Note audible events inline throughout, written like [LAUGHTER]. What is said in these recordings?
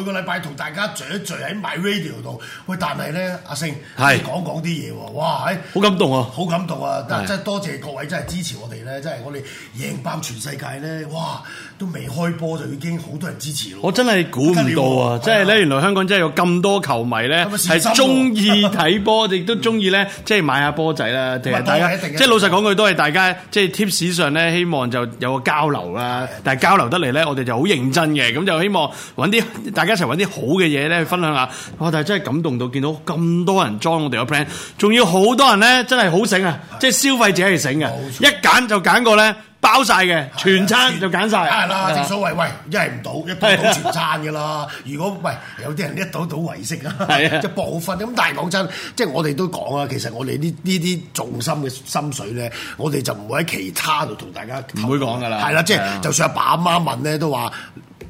每個禮拜同大家聚一聚喺 MyRadio 度，喂！但係咧，阿聲，係，講講啲嘢喎，哇！好感動啊，好感動啊！但係真係多謝各位，真係支持我哋咧，真係我哋贏爆全世界咧，哇！都未開波就已經好多人支持咯。我真係估唔到啊！即係咧，原來香港真係有咁多球迷咧，係中意睇波，亦都中意咧，即係買下波仔啦。大家，即係老實講句，都係大家即係 tips 上咧，希望就有個交流啦。但係交流得嚟咧，我哋就好認真嘅，咁就希望搵啲大家。一齊揾啲好嘅嘢咧，去分享下，哇！但係真係感動到，見到咁多人裝我哋嘅 plan，仲要好多人咧，真係好醒啊！的即係消費者係醒啊，的一揀就揀過呢。包晒嘅全餐就揀晒。係啦，正所謂喂，一係唔賭，一賭賭全餐嘅啦。如果喂，有啲人一賭賭為食，啊，即係部分咁。但係講真，即係我哋都講啊，其實我哋呢呢啲重心嘅心水咧，我哋就唔會喺其他度同大家唔會講噶啦。係啦，即係就算阿爸阿媽問咧，都話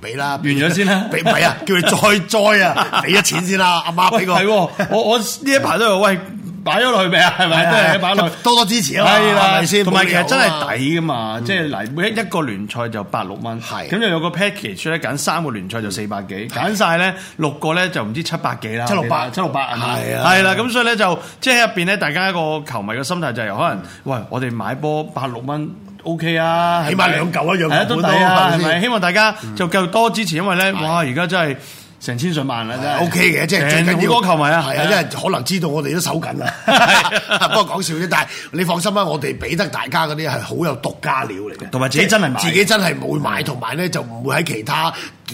俾啦完咗先啦，俾唔係啊，叫佢再再啊俾一錢先啦，阿媽俾個係我我呢一排都有喂。擺咗落去未啊？係咪都係擺落去，多多支持咯，係啦，係咪？同埋其實真係抵噶嘛，即係嗱，每一個聯賽就八六蚊，係咁就有個 package 出咧，揀三個聯賽就四百幾，揀晒咧六個咧就唔知七百幾啦，七六八七六八係啊，係啦，咁所以咧就即係入邊咧，大家一個球迷嘅心態就係可能，喂，我哋買波八六蚊 OK 啊，起碼兩嚿一樣款都抵，希望大家就夠多支持，因為咧，哇，而家真係～成千上萬啦，是真係 O K 嘅，即係最近點講球迷啊，係啊的，因為的可能知道我哋都手緊啦， [LAUGHS] [LAUGHS] 不過講笑啫。但係你放心啦，我哋俾得大家嗰啲係好有獨家料嚟嘅，同埋自己真係買的，自己真係冇買，同埋咧就唔會喺其他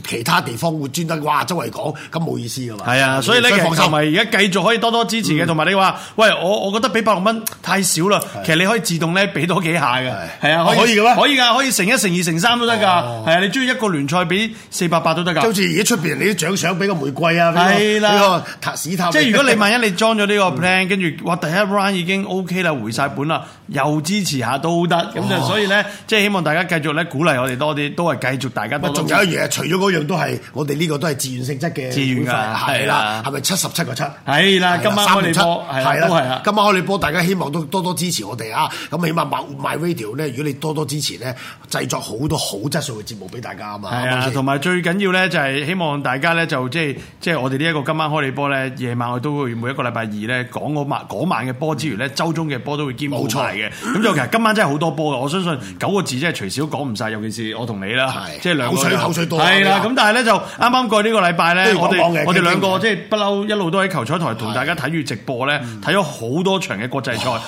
其他地方會專登，哇周圍講，咁冇意思㗎嘛？係啊，所以咧其實同埋而家繼續可以多多支持嘅，同埋你話喂，我，我覺得俾百六蚊太少啦。其實你可以自動咧俾多幾下嘅，係啊，可以嘅咩？可以㗎，可以成一成二成三都得㗎。係啊，你中意一個聯賽俾四百八都得㗎。即係好似而家出邊你啲獎賞俾個玫瑰啊，係啦，呢個塔史塔。即係如果你萬一你裝咗呢個 plan，跟住哇第一 round 已經 OK 啦，回晒本啦，又支持下都得。咁就所以咧，即係希望大家繼續咧鼓勵我哋多啲，都係繼續大家。不過仲有一嘢，除咗嗰樣都係我哋呢個都係自願性質嘅，自願㗎，係啦，係咪七十七個七？係啦，今晚開你波，係啦，今晚開你波，大家希望都多多支持我哋啊！咁起碼買買 MyRadio 咧，如果你多多支持咧，製作好多好質素嘅節目俾大家啊嘛。係啊，同埋最緊要咧就係希望大家咧就即係即係我哋呢一個今晚開你波咧，夜晚我都會每一個禮拜二咧講嗰晚晚嘅波之餘咧，周中嘅波都會兼冇錯嘅。咁就其實今晚真係好多波嘅，我相信九個字真係隨時都講唔晒。尤其是我同你啦，係即係口水口水多啦。咁但係咧就啱啱過呢個禮拜咧，我哋們我哋兩個即係不嬲一路都喺球賽台同大家睇住直播咧，睇咗好多場嘅國際賽。哇，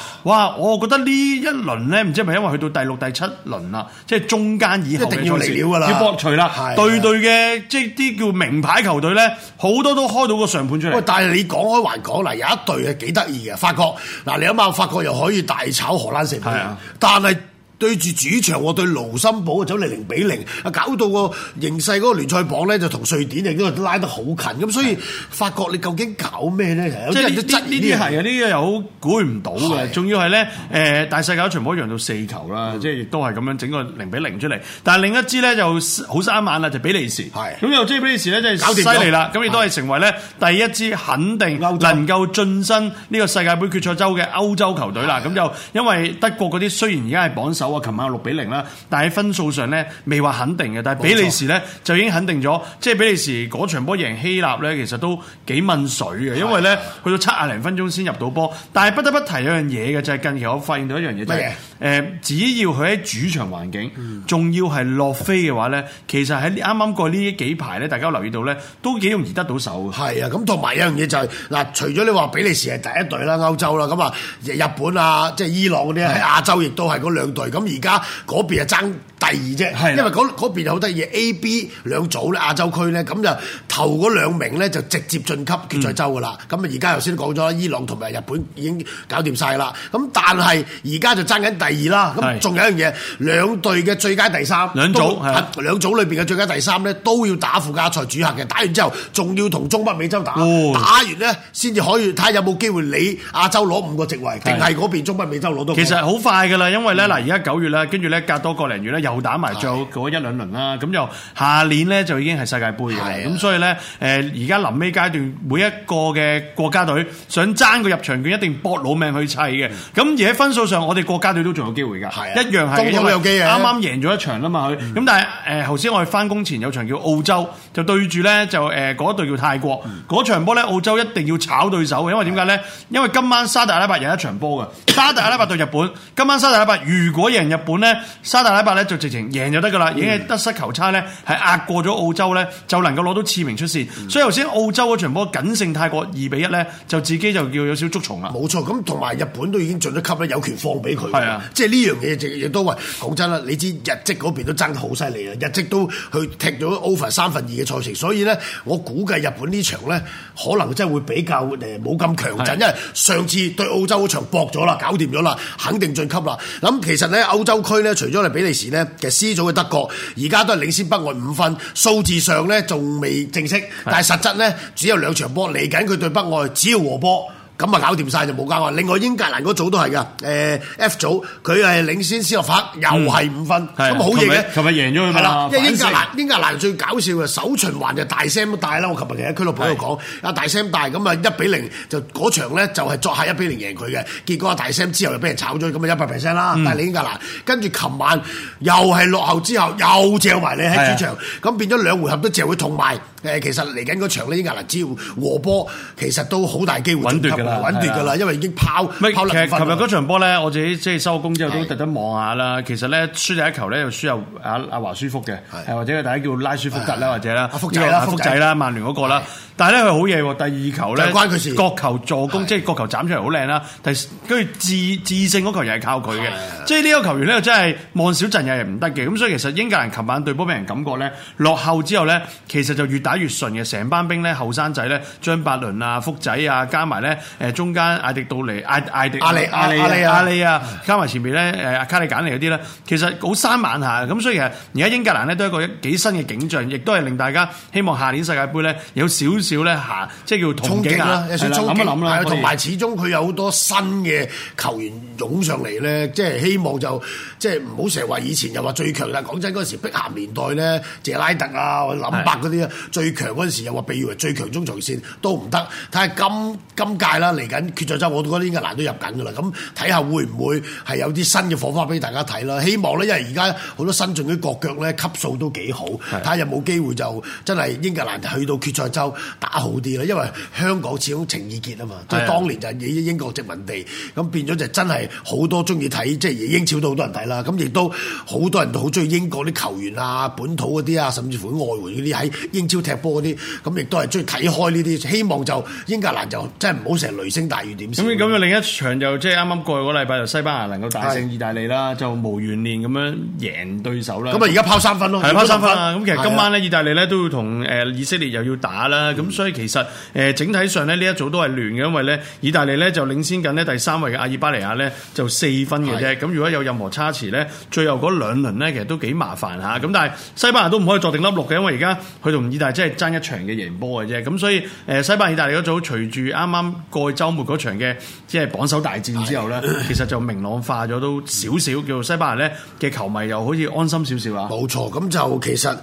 哇！我覺得呢一輪咧，唔知係咪因為去到第六、第七輪啦，即係中間以後嘅賽事，要博除啦，的對對嘅，即係啲叫名牌球隊咧，好多都開到個上盤出嚟。但係你講開還講嚟，有一隊係幾得意嘅法國。嗱，你諗下法國又可以大炒荷蘭食係啊，的但係。對住主場，我對盧森堡啊走嚟零比零，啊搞到個形勢嗰個聯賽榜咧就同瑞典啊嗰個拉得好近，咁所以的發覺你究竟搞咩咧？即係呢啲係啊，呢啲又好估唔到嘅，仲的要係咧誒大世界全部一贏到四球啦，的即係亦都係咁樣整個零比零出嚟。但係另一支咧就好生猛啦，就、就是、比利時。係咁的又知比利時咧真係犀利啦，咁、就、亦、是、都係成為咧第一支肯定能夠晉身呢個世界盃決賽周嘅歐洲球隊啦。咁就的因為德國嗰啲雖然而家係榜首。我琴晚六比零啦，但係喺分數上咧未話肯定嘅，但係比利時咧沒錯 就已經肯定咗，即係比利時嗰場波贏希臘咧，其實都幾問水嘅，因為咧是的 去到七十零分鐘先入到波，但係不得不提一樣嘢嘅就係、是、近期我發現到一樣嘢就係。誒，只要佢喺主場環境，仲要係落飛嘅話咧，其實喺啱啱過呢幾排咧，大家留意到咧，都幾容易得到手嘅。係啊，咁同埋一樣嘢就係、是、嗱，除咗你話比利時係第一隊啦，歐洲啦，咁啊日本啊，即係伊朗嗰啲喺亞洲，亦都係嗰兩隊。咁而家嗰邊啊爭。第二啫，因為嗰、嗰邊好得意，A、B 兩組咧，亞洲區咧，咁就頭嗰兩名咧就直接晉級決賽周噶啦。咁啊而家頭先都講咗伊朗同埋日本已經搞掂晒啦。咁但係而家就爭緊第二啦。咁仲是 有一樣嘢，的兩隊嘅最佳第三，的兩組、兩組裏邊嘅最佳第三咧都要打附加賽主客嘅，打完之後仲要同中北美洲打，哦、打完咧先至可以睇下有冇機會你亞洲攞五個席位，定係嗰邊中北美洲攞到？其實好快㗎啦，因為咧嗱，而家九月咧，跟住咧隔多個零月咧。又打埋最後嗰一兩輪啦，咁的就下年咧就已經係世界盃嘅，咁的所以咧誒而家臨尾階段，每一個嘅國家隊想爭個入場券，一定搏老命去砌嘅。咁、嗯、而喺分數上，我哋國家隊都仲有機會㗎，的一樣係，啱啱贏咗一場啦嘛佢。咁、嗯、但係誒頭先我哋翻工前有場叫澳洲，就對住咧就誒嗰、呃、隊叫泰國，嗰、嗯、場波咧澳洲一定要炒對手嘅，因為點解咧？的因為今晚沙特阿拉伯贏一場波嘅， [COUGHS] 沙特阿拉伯對日本，今晚沙特阿拉伯如果贏日本咧，沙特阿拉伯咧就。直情贏就得噶啦，已經係得失球差咧係壓過咗澳洲咧，就能夠攞到次名出線。所以頭先澳洲嗰場波僅勝泰國二比一咧，就自己就叫有少少捉蟲啦。冇錯，咁同埋日本都已經進咗級咧，有權放俾佢。係是啊即，即係呢樣嘢亦都喂講真啦，你知日職嗰邊都爭得好犀利啊，日職都去踢咗 over 三分二嘅賽程，所以咧我估計日本呢場咧可能真係會比較誒冇咁強陣，是啊、因為上次對澳洲嗰場搏咗啦，搞掂咗啦，肯定進級啦。咁其實咧歐洲區咧，除咗嚟比利時咧。其實 C 組嘅德國，而家都係領先北愛五分，數字上咧仲未正式，但係實質咧只有兩場波嚟緊，佢對北愛只要和波。咁啊搞掂晒就冇間啦，另外英格蘭嗰組都係噶，誒、呃、F 組佢係領先斯洛法，o F、H, 又係五分，咁好嘢嘅。琴日贏咗佢嘛？係啦，因為英格蘭英格蘭,英格蘭最搞笑嘅，首循環就大 Sam 大啦。我琴日其實喺俱樂部度講，阿是大 Sam 大咁啊一比零就嗰場咧就係、是、作客一比零贏佢嘅，結果阿大 Sam 之後就俾人炒咗，咁啊一百 percent 啦。嗯、但係英格蘭跟住琴晚又係落後之後又借埋你喺主場，咁的變咗兩回合都借會痛埋。誒、呃、其實嚟緊嗰場咧，英格蘭只要和波，其實都好大機會。嗯穩斷㗎喇，因為已經拋拋難分。唔係，其實琴日嗰場波咧，我自己即係收工之後都特登望下啦。其實咧輸第一球咧，又輸入阿阿華舒福嘅，係或者大家叫拉舒福特啦，或者啦阿福仔啦，福仔啦，曼聯嗰個啦。但係咧佢好嘢喎，第二球咧關佢事，角球助攻即係角球斬出嚟好靚啦。第跟住致致勝嗰球又係靠佢嘅，即係呢個球員咧真係望少陣又係唔得嘅。咁所以其實英格蘭琴晚對波俾人感覺咧落後之後咧，其實就越打越順嘅，成班兵咧後生仔咧張伯倫啊、福仔啊加埋咧。誒中間阿迪到嚟，阿阿迪，艾迪阿利阿利阿利阿利啊，加埋前面咧誒阿卡利簡尼嗰啲咧，其實好生猛下。咁所以誒而家英格蘭咧都係一個幾新嘅景象，亦都係令大家希望下年世界杯咧有少少咧下即係叫憧憬啦，有少憧憬。諗一諗啦，同埋始終佢有好多新嘅球員湧上嚟咧，即係希望就即係唔好成日話以前又話最強啦。講真嗰陣時，碧咸年代咧，謝拉特啊、或林伯嗰啲啊，最強嗰陣時又話被譽為最強中場線都唔得。睇下今今屆啦。嚟緊決賽周，我覺得英格蘭都入緊噶啦。咁睇下會唔會係有啲新嘅火花俾大家睇啦？希望咧，因為而家好多新進嗰啲國腳咧，級數都幾好。睇下的有冇機會就真係英格蘭去到決賽周打好啲啦。因為香港始終情意結啊嘛，即係當年就係英國殖民地，咁的變咗就真係好多中意睇，即係英超都好多人睇啦。咁亦都好多人都好中意英國啲球員啊，本土嗰啲啊，甚至乎外援嗰啲喺英超踢波嗰啲，咁亦都係中意睇開呢啲。希望就英格蘭就真係唔好成。雷聲大雨點，咁咁樣另一場就即係啱啱過去嗰個禮拜，就西班牙能夠大勝意大利啦，是的 就無懸念咁樣贏對手啦。咁啊的，而家拋三分咯，係拋三分，拋三分啊！咁其實今晚咧，是的 意大利咧都要同誒以色列又要打啦。咁是的 所以其實誒、呃、整體上咧，呢一組都係亂嘅，因為咧，意大利咧就領先緊呢第三位嘅阿爾巴尼亞咧，就四分嘅啫。咁是的 如果有任何差池咧，最後嗰兩輪咧，其實都幾麻煩吓。咁但係西班牙都唔可以坐定粒六嘅，因為而家佢同意大利即係爭一場嘅贏波嘅啫。咁所以誒，西班牙、意大利嗰組隨住啱啱。過周末嗰場嘅即係榜首大戰之後咧，其實就明朗化咗都少少，叫做西班牙咧嘅球迷又好似安心少少啦。冇錯，咁就其實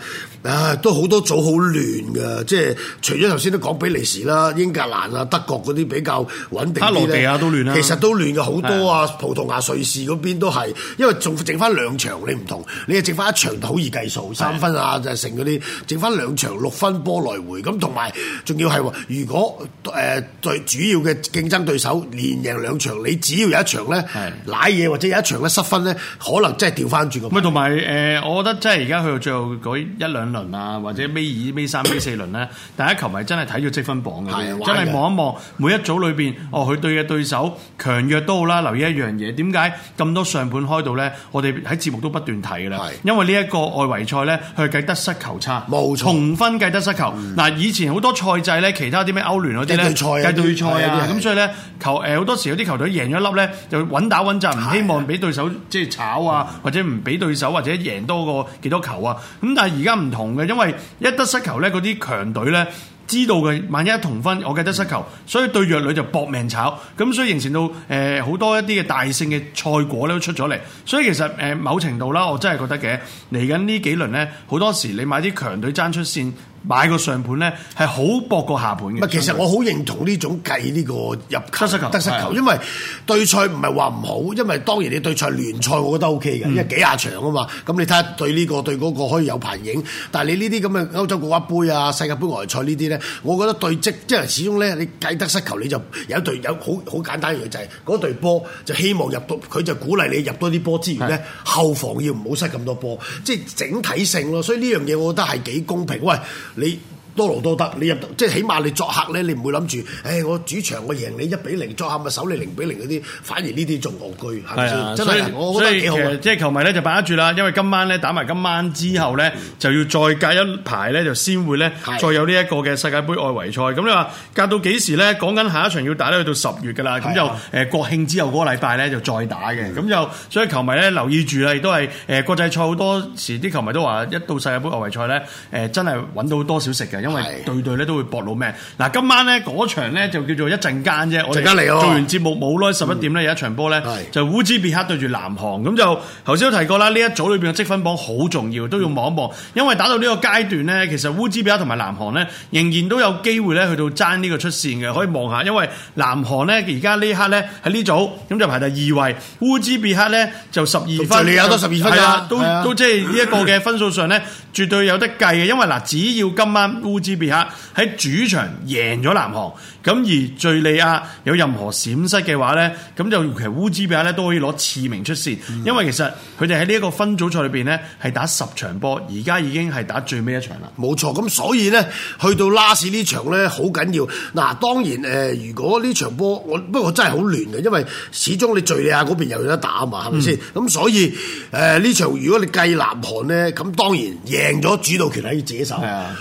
誒都好多組好亂嘅，即係除咗頭先都講比利時啦、英格蘭啊、德國嗰啲比較穩定都啲咧，其實都亂嘅好多啊。葡萄牙、瑞士嗰邊都係，因為仲剩翻兩場，你唔同，你啊剩翻一場好易計數三分啊，就剩嗰啲剩翻兩場六分波來回咁，同埋仲要係話，如果誒最主要。嘅競爭對手連贏兩場，你只要有一場咧，瀨嘢或者有一場咧失分咧，可能真係掉翻轉個。同埋誒，我覺得真係而家去到最後嗰一兩輪啊，或者尾二尾三尾四輪咧，大家球迷真係睇咗積分榜嘅，真係望一望每一組裏邊哦，佢對嘅對手強弱都好啦。留意一樣嘢，點解咁多上盤開到咧？我哋喺節目都不斷睇嘅咧，因為呢一個外圍賽咧，佢係計得失球差，重分計得失球嗱。以前好多賽制咧，其他啲咩歐聯嗰啲咧，計對賽啊，計對賽啊。咁、啊、所以咧，球誒好、呃、多時有啲球隊贏咗粒咧，就穩打穩陣，唔希望俾對手是的 即係炒啊，或者唔俾對手或者贏多過幾多球啊。咁、嗯、但係而家唔同嘅，因為一得失球咧，嗰啲強隊咧知道嘅萬一同分，我計得失球，所以對弱隊就搏命炒。咁所以形成到誒好、呃、多一啲嘅大勝嘅賽果咧都出咗嚟。所以其實誒、呃、某程度啦，我真係覺得嘅嚟緊呢幾輪咧，好多時你買啲強隊爭出線。買個上盤呢係好博過下盤嘅。其實我好認同呢種計呢個入球得失球，球因為對賽唔係話唔好，因為當然你對賽聯賽，我覺得 O K 嘅，嗯、因為幾廿場啊嘛。咁你睇下對呢、呢個對嗰個可以有反映，但係你呢啲咁嘅歐洲國家杯啊、世界盃外賽呢啲呢，我覺得對積即係始終呢，你計得失球，你就有一隊有好好簡單嘅就係嗰隊波就希望入到，佢就鼓勵你入多啲波之餘呢，的後防要唔好失咁多波，即、就、係、是、整體性咯。所以呢樣嘢我覺得係幾公平。喂！你。多勞多得，你入即係起碼你作客咧，你唔會諗住，誒我主場我贏你一比零，作客咪守你零比零嗰啲，反而呢啲仲戇居。」係咪？真係，所以即係球迷咧就把握住啦，因為今晚咧打埋今晚之後咧，就要再隔一排咧就先會咧再有呢一個嘅世界盃外圍賽。咁你話隔到幾時咧？講緊下一場要打咧，去到十月㗎啦，咁就誒國慶之後嗰個禮拜咧就再打嘅。咁就所以球迷咧留意住啦，亦都係誒國際賽好多時啲球迷都話，一到世界盃外圍賽咧，誒真係揾到多少食嘅。因為對對咧都會搏老命。嗱，今晚咧嗰場咧就叫做一陣間啫。我哋做完節目冇耐十一點咧有一場波咧，是就烏茲別克對住南韓。咁就頭先都提過啦，呢一組裏邊嘅積分榜好重要，都要望一望。嗯、因為打到呢個階段咧，其實烏茲別克同埋南韓咧仍然都有機會咧去到爭呢個出線嘅，可以望下。因為南韓咧而家呢刻咧喺呢組咁就排第二位，烏茲別克咧就十二分。你有得十二分？係就啊，啊，都都即係呢一個嘅分數上咧，絕對有得計嘅。因為嗱，只要今晚。烏茲別克喺主場贏咗南韓。咁而敍利亞有任何閃失嘅話呢，咁就其實烏茲比克咧都可以攞次名出線，因為其實佢哋喺呢一個分組賽裏邊呢係打十場波，而家已經係打最尾一場啦。冇錯，咁所以呢，去到拉斯呢場呢，好緊要。嗱、啊，當然誒、呃，如果呢場波我不過真係好亂嘅，因為始終你敍利亞嗰邊又有得打啊嘛，係咪先？咁所以誒呢、呃、場如果你計南韓呢，咁當然贏咗主導權喺自己手，的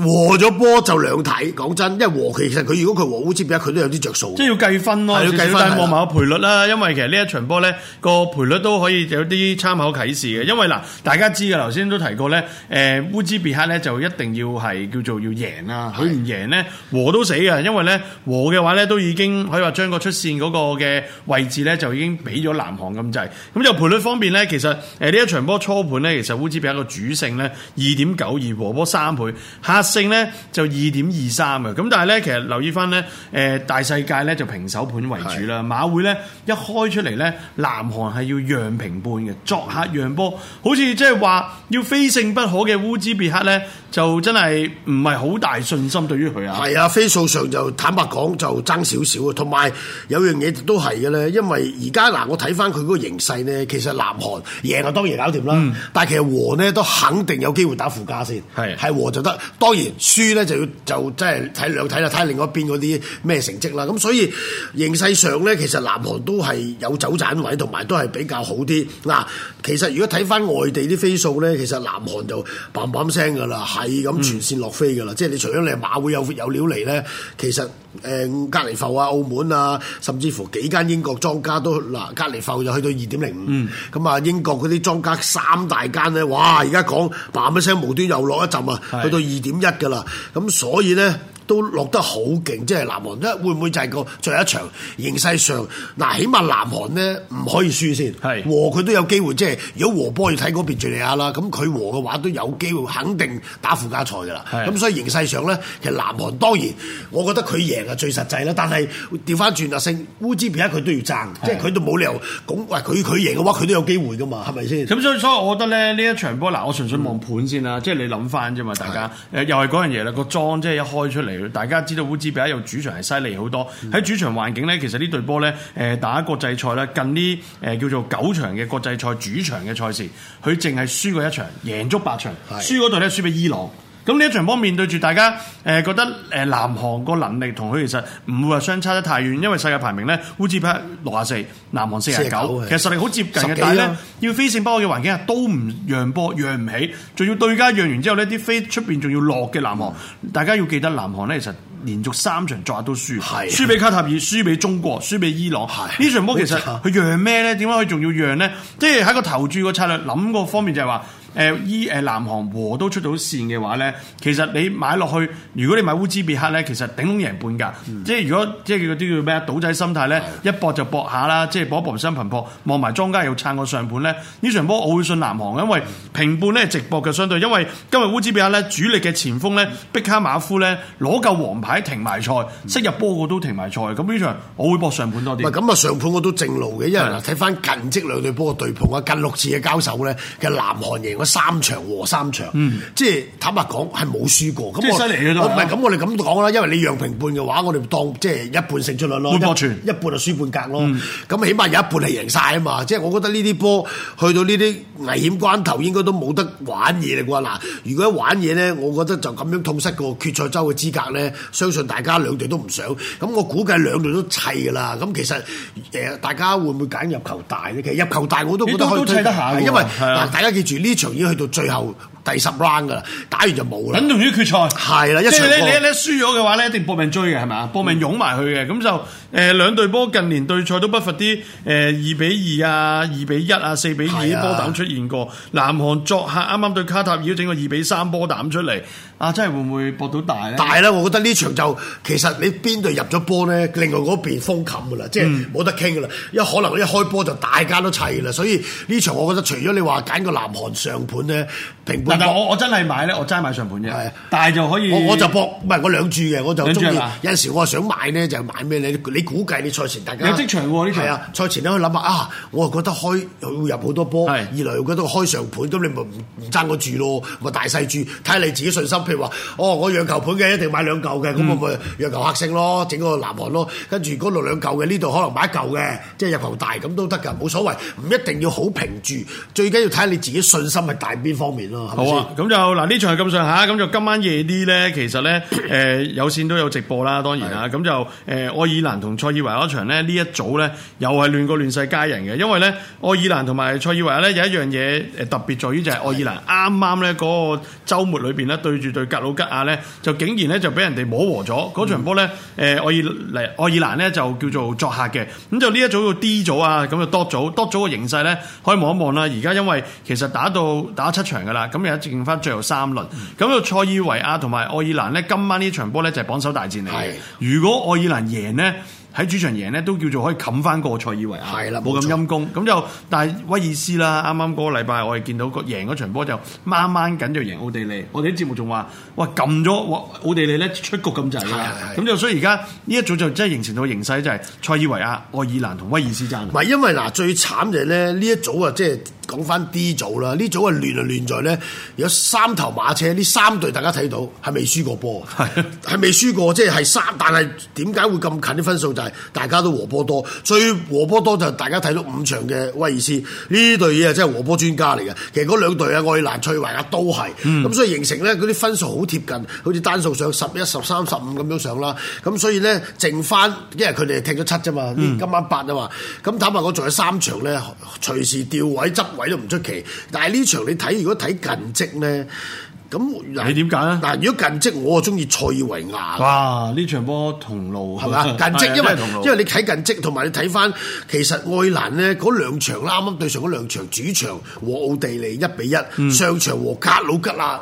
和咗波就兩睇。講真，因為和其實佢如果佢烏茲別克佢都有啲着數，即係要計分咯、啊，但係望埋個賠率啦、啊，的因為其實呢一場波咧個賠率都可以有啲參考啟示嘅。嗯、因為嗱，大家知嘅，頭先都提過咧，誒、呃、烏茲別克咧就一定要係叫做要贏啊，佢唔的贏咧和都死嘅，因為咧和嘅話咧都已經可以話將個出線嗰個嘅位置咧就已經俾咗南韓咁滯。咁就賠率方面咧，其實誒呢一場波初盤咧，其實烏茲別克個主勝咧二點九二，92，和波三倍，客勝咧就二點二三啊。咁但係咧，其實留意翻咧。誒大世界咧就平手盤為主啦，的馬會咧一開出嚟咧，南韓係要讓平半嘅，作客讓波，好似即係話要非勝不可嘅烏茲別克咧，就真係唔係好大信心對於佢啊。係啊，飛數上就坦白講就爭少少啊。同埋有，有樣嘢都係嘅咧，因為而家嗱，我睇翻佢嗰個形勢咧，其實南韓贏啊當然搞掂啦，嗯、但係其實和咧都肯定有機會打附加先，係係的和就得，當然輸咧就要就即係睇兩睇啦，睇另外一邊嗰啲。咩成績啦？咁所以形勢上呢，其實南韓都係有走盞位，同埋都係比較好啲嗱、啊。其實如果睇翻外地啲飛數呢，其實南韓就嘭嘭聲噶啦，係咁全線落飛噶啦。嗯、即係你除咗你馬會有有料嚟呢，其實誒、呃、隔離埠啊、澳門啊，甚至乎幾間英國莊家都嗱、呃、隔離埠又去到二點零五，咁、嗯、啊英國嗰啲莊家三大間呢，哇！而家講嘭一聲，無端又落一陣啊，去到二點一噶啦。咁所以呢。都落得好勁，即係南韓，會唔會就係個最後一場形勢上？嗱，起碼南韓咧唔可以輸先，和佢都有機會。即係如果和波要睇嗰邊敍利亞啦，咁佢和嘅話都有機會，肯定打附加賽㗎啦。咁所以形勢上咧，其實南韓當然，我覺得佢贏係最實際啦。但係調翻轉啊，勝烏茲別克佢都要爭，即係佢都冇理由講喂，佢佢贏嘅話，佢都有機會㗎嘛？係咪先？咁所以所以我覺得咧，呢一場波嗱，我純粹望盤先啦，即係你諗翻啫嘛，大家誒又係嗰樣嘢啦，個莊即係一開出嚟。大家知道烏茲別克有主場係犀利好多，喺、嗯、主場環境咧，其實隊呢隊波咧，誒、呃、打國際賽咧，近呢誒、呃、叫做九場嘅國際賽主場嘅賽事，佢淨係輸過一場，贏足八場，是的 輸嗰隊咧，輸俾伊朗。咁呢場波面對住大家，誒、呃、覺得誒、呃、南韓個能力同佢其實唔會話相差得太遠，因為世界排名咧烏茲帕六十四，南韓四十九，其實實力好接近嘅。的但係咧，啊、要飛勝波嘅環境下都唔讓波，讓唔起，仲要對家讓完之後呢啲飛出邊仲要落嘅南韓。嗯、大家要記得南韓咧，其實連續三場昨日都輸，的輸俾卡塔爾，輸俾中國，輸俾伊朗。呢的的場波其實佢讓咩咧？點解佢仲要讓咧？即係喺個投注個策略諗個方面就，就係話。誒依誒南韓和都出到線嘅話咧，其實你買落去，如果你買烏茲別克咧，其實頂籠贏半㗎、嗯。即係如果即係叫啲叫咩啊，賭仔心態咧，嗯、一博就博下啦。即係搏一搏，唔心平搏，望埋莊家又撐個上盤咧。呢場波我會信南韓，因為平半咧直博嘅相對，因為今日烏茲別克咧主力嘅前鋒咧，碧、嗯、卡馬夫咧攞嚿黃牌停埋賽，息、嗯、入波個都停埋賽。咁呢場我會博上盤多啲。唔係咁啊，上盤我都正路嘅，因為嗱睇翻近積兩隊波嘅對碰啊，近六次嘅交手咧嘅南韓贏。三場和三場，嗯、即係坦白講係冇輸過。咁犀利，我唔係，咁，我哋咁講啦。因為你讓平半嘅話，我哋當即係一半勝出率咯。一半就輸半格咯。咁、嗯、起碼有一半係贏晒啊嘛。即係我覺得呢啲波去到呢啲危險關頭應該都冇得玩嘢嚟㗎。嗱，如果一玩嘢咧，我覺得就咁樣痛失個決賽周嘅資格咧，相信大家兩隊都唔想。咁我估計兩隊都砌㗎啦。咁其實誒，大家會唔會揀入球大咧？其實入球大我都覺得可以，因為嗱，大家記住呢場。已經去到最後第十 round 㗎喇，打完就冇啦。等同於決賽，係啦的，即係咧，你咧輸咗嘅話咧，一定搏命追嘅係嘛，搏命擁埋去嘅，咁、嗯、就。誒兩隊波近年對賽都不乏啲誒二比二啊、二比一啊、四比二波膽出現過。啊、南韓作客啱啱對卡塔爾整個二比三波膽出嚟，啊，真係會唔會搏到大咧？大啦，我覺得呢場就其實你邊隊入咗波咧，另外嗰邊封冚噶啦，嗯、即係冇得傾噶啦。因為可能一開波就大家都砌啦，所以呢場我覺得除咗你話揀個南韓上盤咧平盤，我我真係買咧，我真齋買，買上盤啫。係、啊，但係就可以，我我就搏，唔係我兩注嘅，我就中意有陣時我想買呢，就買咩你？你估計你賽前大家有職場喎？呢題啊，賽前咧可以諗下啊，我覺得開會入好多波。二是來我覺得開上盤咁，你咪唔唔爭個注咯，咪大細注睇下你自己信心。譬如話，哦，我讓球盤嘅一定買兩嚿嘅，咁、嗯、我咪讓球客勝咯，整個南韓咯。跟住嗰度兩嚿嘅呢度可能買一嚿嘅，即係入球大咁都得㗎，冇所謂。唔一定要好平注。最緊要睇下你自己信心係大邊方面咯。好啊，咁就嗱呢場係咁上下，咁就今晚夜啲咧，其實咧誒、呃、有線都有直播啦，當然啦。咁的就誒愛爾蘭同同塞爾維亞場咧，呢一組咧，又係亂過亂世佳人嘅。因為咧愛爾蘭同埋塞爾維亞咧有一樣嘢誒，特別在於就係、是、愛爾蘭啱啱咧嗰個週末裏邊咧對住對格魯吉亞咧就竟然咧就俾人哋摸和咗嗰場波咧，誒愛爾愛爾蘭咧就叫做作客嘅。咁就呢一組叫 D 組啊，咁就多組多組嘅形勢咧，可以望一望啦。而家因為其實打到打七場噶啦，咁又剩翻最後三輪，咁、嗯、就塞爾維亞同埋愛爾蘭咧今晚呢場波咧就榜首大戰嚟嘅。的如果愛爾蘭贏咧，喺主場贏咧，都叫做可以冚翻個賽爾維亞，冇咁的陰功。咁就錯但係威爾斯啦，啱啱嗰個禮拜我哋見到個贏嗰場波就掹掹緊，緊就贏奧地利。我哋啲節目仲話哇，撳咗奧地利咧出局咁滯啦。咁就的、啊、所以而家呢一組就真係形成到形勢就係塞爾維亞、愛爾蘭同威爾斯爭。唔 [LAUGHS] 因為嗱最慘就係咧呢一組啊，即係講翻 D 組啦。呢組啊亂啊亂來在咧有三頭馬車，呢三隊大家睇到係未輸過波，係 [LAUGHS] 未輸過，即係三。但係點解會咁近啲分數？大家都和波多，最和波多就大家睇到五場嘅威爾斯，呢隊嘢真係和波專家嚟嘅。其實嗰兩隊啊，愛蘭、翠華啊，都係。咁、嗯、所以形成呢，嗰啲分數好貼近，好似單數上十一、十三、十五咁樣上啦。咁所以呢，剩翻因為佢哋踢咗七啫嘛，嗯、今晚八啊嘛。咁坦白講仲有三場呢，隨時掉位執位都唔出奇。但係呢場你睇，如果睇近績呢。咁你點解、啊？咧？嗱，如果近職，我啊中意塞爾維亞。哇！呢場波同路係嘛？近職，哎、因為因為你睇近職，同埋你睇翻，其實愛蘭咧嗰兩場啦，啱啱對上嗰兩場，主場和奧地利一比一、嗯，上場和格魯吉亞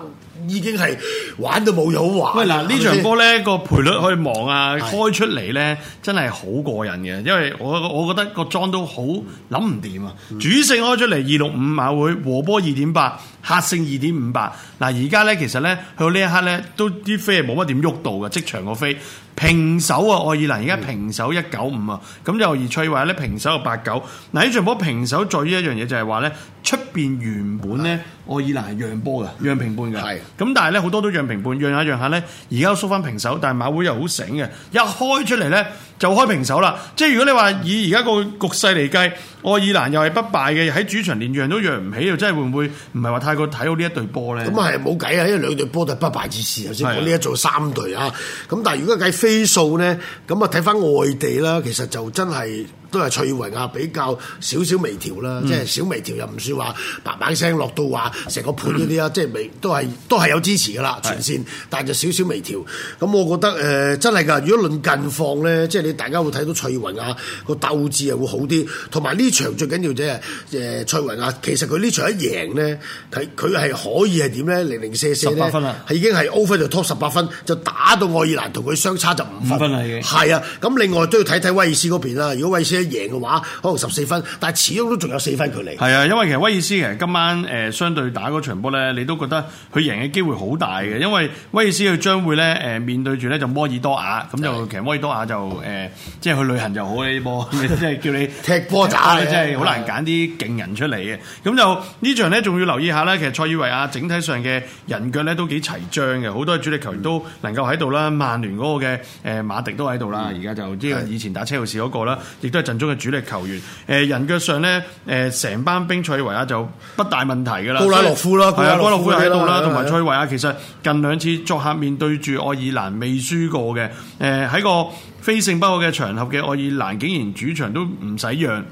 已經係玩到冇嘢好玩。喂！嗱，場呢場波咧個賠率去望啊，開出嚟咧真係好過癮嘅，因為我我覺得個莊都好諗唔掂啊！嗯、主勝開出嚟二六五馬會和波二點八。客升二點五八，嗱，而家呢，其實呢，去到呢一刻呢，都啲飛係冇乜點喐到嘅，即場個飛。平手啊，愛爾蘭而家平手一九五啊，咁就而翠華咧平手六八九。嗱，呢場波平手在於一樣嘢，就係話咧出面原本咧愛爾蘭係讓波嘅，讓平半嘅。係。咁但係咧好多都讓平半，讓下讓下咧，而家縮翻平手。但係馬會又好醒嘅，一開出嚟咧就開平手啦。即係如果你話以而家個局勢嚟計，愛爾蘭又係不敗嘅，喺主場連讓都讓唔起，又真係會唔會唔係話太過睇好呢一隊波咧？咁啊係冇計啊，因為兩隊波都係不敗之師。頭先我呢一組三隊啊，咁但係如果計基數呢，咁啊睇翻外地啦，其實就真係。都係翠雲啊，比較少少微調啦，即係少微調又唔算話，嘭嘭聲落到話成個盤嗰啲啊。即係微都係都係有支持噶啦，全線，但係就少少微調。咁我覺得誒真係㗎，如果論近況咧，即係你大家會睇到翠雲啊個鬥志又會好啲，同埋呢場最緊要就係誒翠雲啊，其實佢呢場一贏咧，佢佢係可以係點咧零零舍舍咧，係已經係 over the top 十八分就打到愛爾蘭同佢相差就五分啦，係啊，咁另外都要睇睇威爾斯嗰邊啦，如果威爾斯。一贏嘅話，可能十四分，但係始終都仲有四分距離。係啊，因為其實威爾斯其實今晚誒、呃、相對打嗰場波咧，你都覺得佢贏嘅機會好大嘅，嗯、因為威爾斯佢將會咧誒、呃、面對住咧就摩爾多瓦，咁的就其實摩爾多瓦就誒、呃、即係去旅行就好呢波，即係 [LAUGHS] 叫你踢波打，即係好難揀啲勁人出嚟嘅。咁的就場呢場咧仲要留意下咧，其實塞爾維亞整體上嘅人腳咧都幾齊張嘅，好多主力球員都能夠喺度啦。嗯、曼聯嗰個嘅誒馬迪都喺度啦，而家、嗯、就即係以前打車路士嗰、那個啦，亦都係。陣中嘅主力球員，誒、呃、人腳上咧，誒、呃、成班兵塞爾維亞就不大問題噶啦，布拉洛夫啦，係以啊，高拉諾夫又喺度啦，同埋塞維亞其實近兩次作客面對住愛爾蘭未輸過嘅，誒、呃、喺個非勝不可嘅場合嘅愛爾蘭，竟然主場都唔使讓，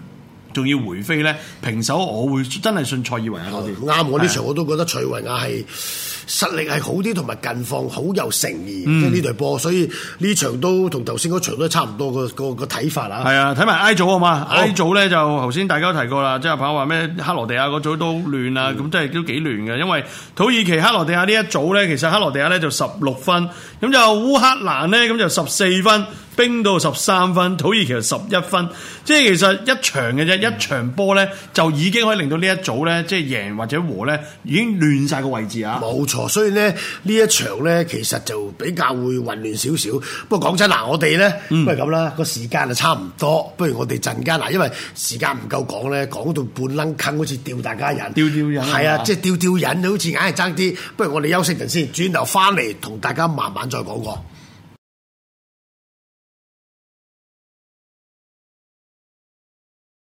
仲要回飛咧，平手我會真係信塞爾維亞多啲啱。哦，我呢場我都覺得塞維亞係。實力係好啲，同埋近況好有誠意，即係呢隊波，所以呢場都同頭先嗰場都差唔多、嗰個、嗰個個睇法啦。係啊，睇埋 I 組啊嘛，oh，I 組咧就頭先大家都提過啦，即係鵬話咩克羅地亞嗰組都亂啦，咁即係都幾亂嘅，因為土耳其克羅地亞呢一組咧，其實克羅地亞咧就十六分，咁就烏克蘭咧咁就十四分。冰島十三分，土耳其十一分，即係其實一場嘅啫，嗯、一場波咧就已經可以令到呢一組咧即係贏或者和咧，已經亂晒個位置啊！冇錯，所以咧呢一場咧其實就比較會混亂少少。不過講真嗱，我哋咧、嗯、不如咁啦，個時間就差唔多，不如我哋陣間嗱，因為時間唔夠講咧，講到半撚坑，好似吊大家人。吊吊人，係啊，即、就、係、是、吊吊人，好似硬係爭啲。不如我哋休息陣先，轉頭翻嚟同大家慢慢再講過。